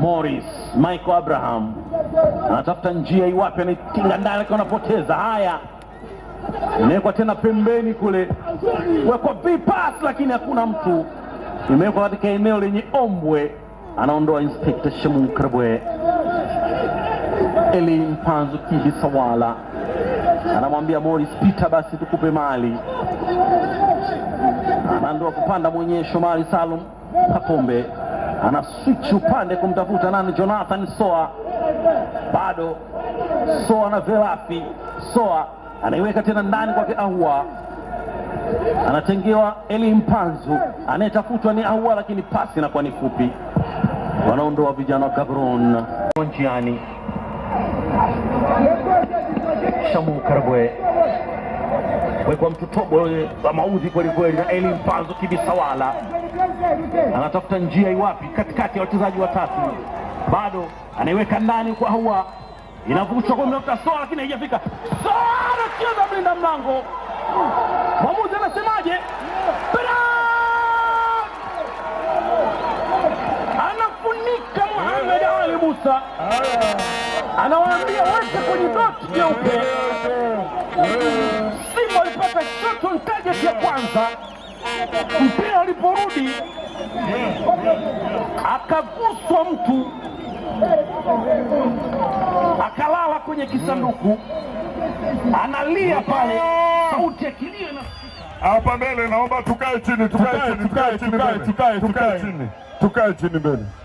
Morris Michael Abraham anatafuta njia iwapi, anaitinga ndani, anapoteza. Haya, imewekwa tena pembeni kule, wekwa vipas, lakini hakuna mtu, imewekwa katika eneo lenye ombwe, anaondoa Inspekta Shamu Karabwe. Eli Mpanzu Kibi Sawala anamwambia Morris, pita basi tukupe mali. Anaandoa kupanda mwenyewe Shomari Salum Kapombe ana switch upande kumtafuta nani? Jonathan Soa, bado Soa na Velafi. Soa anaiweka tena ndani kwake Ahua, anatengewa Eli Mpanzu, anayetafutwa ni Ahua, lakini pasi inakuwa ni fupi. Wanaondoa vijana wa Gabron njiani. Shamu Karabwe kuwekwa mtutobo wa maudhi kweli kweli na Eli Mpanzo kibisawala anatafuta njia iwapi, katikati ya wachezaji watatu, bado anaiweka ndani kwa Hawa, inavushwa kwa mnafuta Soa, lakini haijafika Soa, anacheza mlinda mlango. Mwamuzi anasemaje? Anafunika Muhamed Ali Musa, anawaambia wote kwenye doti jeupe walipata total target cha kwanza, mpira aliporudi akaguswa mtu akalala kwenye kisanduku, analia pale, sauti ya kilio hapa mbele. Naomba tukae chini, tukae chini, tukae chini mbele.